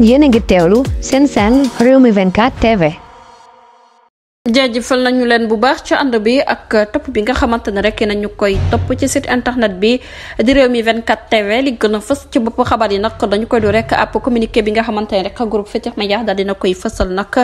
Jene getelu sen sen Rumi Venkat TV. jaajëfal nañu leen bu baax ci ànd bi ak topp bi nga xamante ne rek nañu koy topp ci site internet bi di réew mi 24 TV li gën fës ci bopp xabaar yi nag dañu koy du rek ab communiqué bi nga xamante ne rek groupe Futurs Médias daal dina koy fësal nag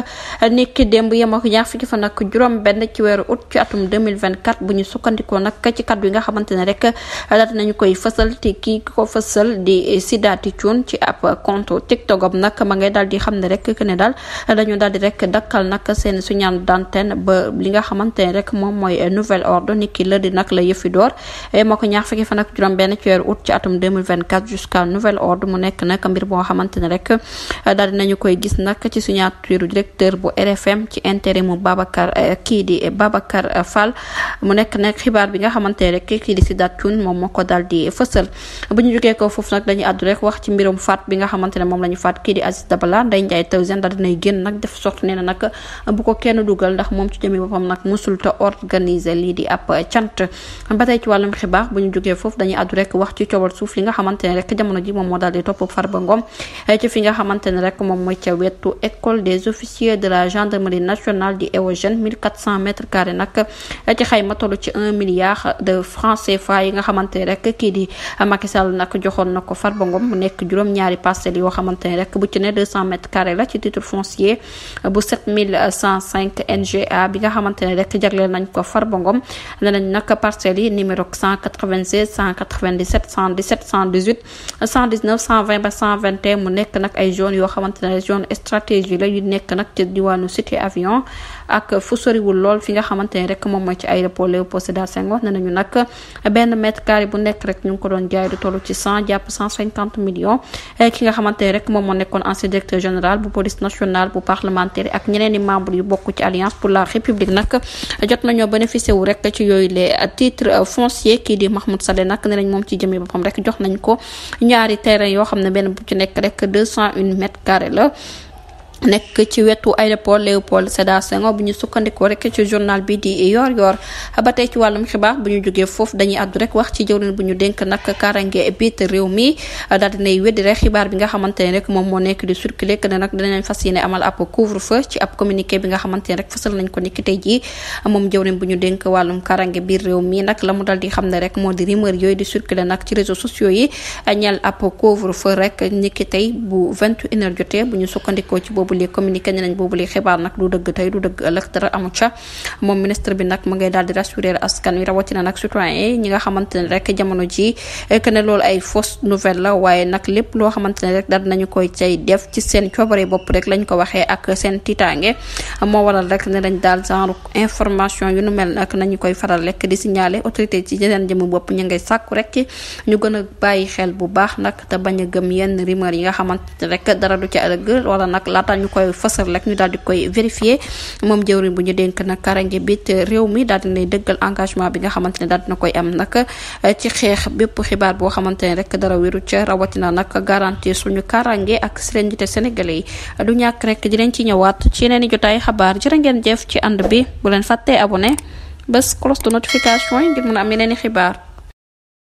niki démb yem ak ñaar fukki fan ak juróom-benn ci weeru août ci atum 2024 bu ñu sukkandikoo nag ci kàddu yi nga xamante ne rek daal koy fësal te kii ko fësal di Sidati Thioune ci ab conte TikTok am nag ma ngay daal di xam ne rek que ne daal dañu daal di rek dakkal nag seen su ñaan daan antenne ba li nga xamante ne rek moom mooy euh, nouvel ordre ni ki lëndi nag la yëfi door eh, moo ko ñaar fekki fan juróom benn ci weeru août ci atum 2024 jusqu'à nouvel ordre mu nekk nag xamante ne rek euh, daal dinañu koy gis nag ci signature directeur bu RFM ci intérim mu Babacar euh, kii di Babacar Fall mu nekk nag xibaar bi nga xamante ne rek kii di Sidath Thioune moom moo ko daal di fësal bu ñu jógee ko foofu nag dañuy àddu rek wax ci mbirum faat bi nga xamante ne moom la ñu faat kii di Aziz Dabala Ndeye Ndiaye Tawzène daal dinay génn nag def sorte nee na ndax moom ci jëmee boppam nag musul te lii di ab cant ba ci wàllum xibaar bu ñu jógee foofu dañuy àddu rek wax ci coowal suuf li nga xamante ne jamono ji moom moo di topp Farba Ngom eh, fi nga xamante ne moom mooy ca wetu école des officiers de la gendarmerie nationale di Eogène 1400 mètres carrés nag eh, ci xayma tollu ci 1 de francs CFA yi nga xamante ne rek kii di Macky Sall joxoon na ko Farba nekk a bi nga xamantene rek jagleel nañ ko Farba Ngom ne nañ nag parcelles yi numéro 196 197 117 118 119 120 ba 121 mu nekk nak ay zone yo xamantene ne zone stratégie la yu nekk nak ci diwanu cité avion ak fu soriwul lool fi nga xamantene rek mom mooy ci aéroport Léopold Sédar Senghor ne nañu nag benn mètre carré bu nekk rek ñu ko doon jaay du tollu ci 100 150 millions eh, ki nga xamantene rek mom mo ancien directeur général bu police nationale bu parlementaire ak ñeneeni membres membres yu bokku ci alliance pour la république nag jot nañoo bénéficié wu rek ci yooyu le titres fonciers kii di Mahmoud Saleh nak ne nañ moom ci jëmee boppam rek jox nañ ko ñaari terrain yoo xam ne benn bu ci nekk rek deux cent une mètre carré la nekk ci wetu aéroport Léopold Sédar Senghor bu ñu sukkandikoo rek ci journal bi di yor yor ba tey ci wàllum xibaar bu ñu jógee foofu dañuy àddu rek wax ci jëwriñ bu ñu dénk nag karange biit mi daal dinay weddi rek xibaar bi nga xamante ne rek moom moo nekk di circuler que ne nag dinañ fas yéene amal ab couvre feu ci ab communiqué rek ko niki tey jii moom bu ñu dénk wàllum karange biir réew mi nag la mu dal di xam ne rek moo di rumeur yooyu di circuler nag ci réseaux sociaux yi ñeel ab couvre feu bu ñu sukkandikoo ci boobu boobu li communiqué nañ boobu li xibaar nag du dëgg tey du dëgg ëllëg dara amu ca moom ministre bi nag ma ngay daal di rassurer askan wi rawatina nag citoyen yi ñi nga xamante ne rek jamono ji eh, que ne loolu ay fausse nouvelle la waaye nag lépp loo xamante ne rek dal nañu koy cay def ci seen coobare bopp rek lañ ko waxee ak seen titange moo waral rek ne lañ daal genre information yu nu mel nag nañu koy faral rek di signaler autorité ci yeneen jëmu bopp ñi ngay sàkku rek ñu gën a bàyyi xel bu baax nag te bañ a gëm yenn rumeur yi nga xamante rek dara du ci ëllëg wala nag laata ñu koy fësal rek ñu daal di koy vérifier moom jëwriñ bu ñu dénk nag karange bit réew mi daal dinay dëggal engagement bi nga xamante ne daal dina koy am nag eh, ci xeex bépp xibaar boo xamante ne rek dara wéru ca rawatina nag garantie suñu karange ak sérénité sénégalais yi du ñakk rek dinañ ci ñëwaat ci yeneen i jotaay xabaar jërë ngeen jëf ci ànd bi bu leen fàttee abonné bés cloche de notification yi ngir mën a am yeneen xibaar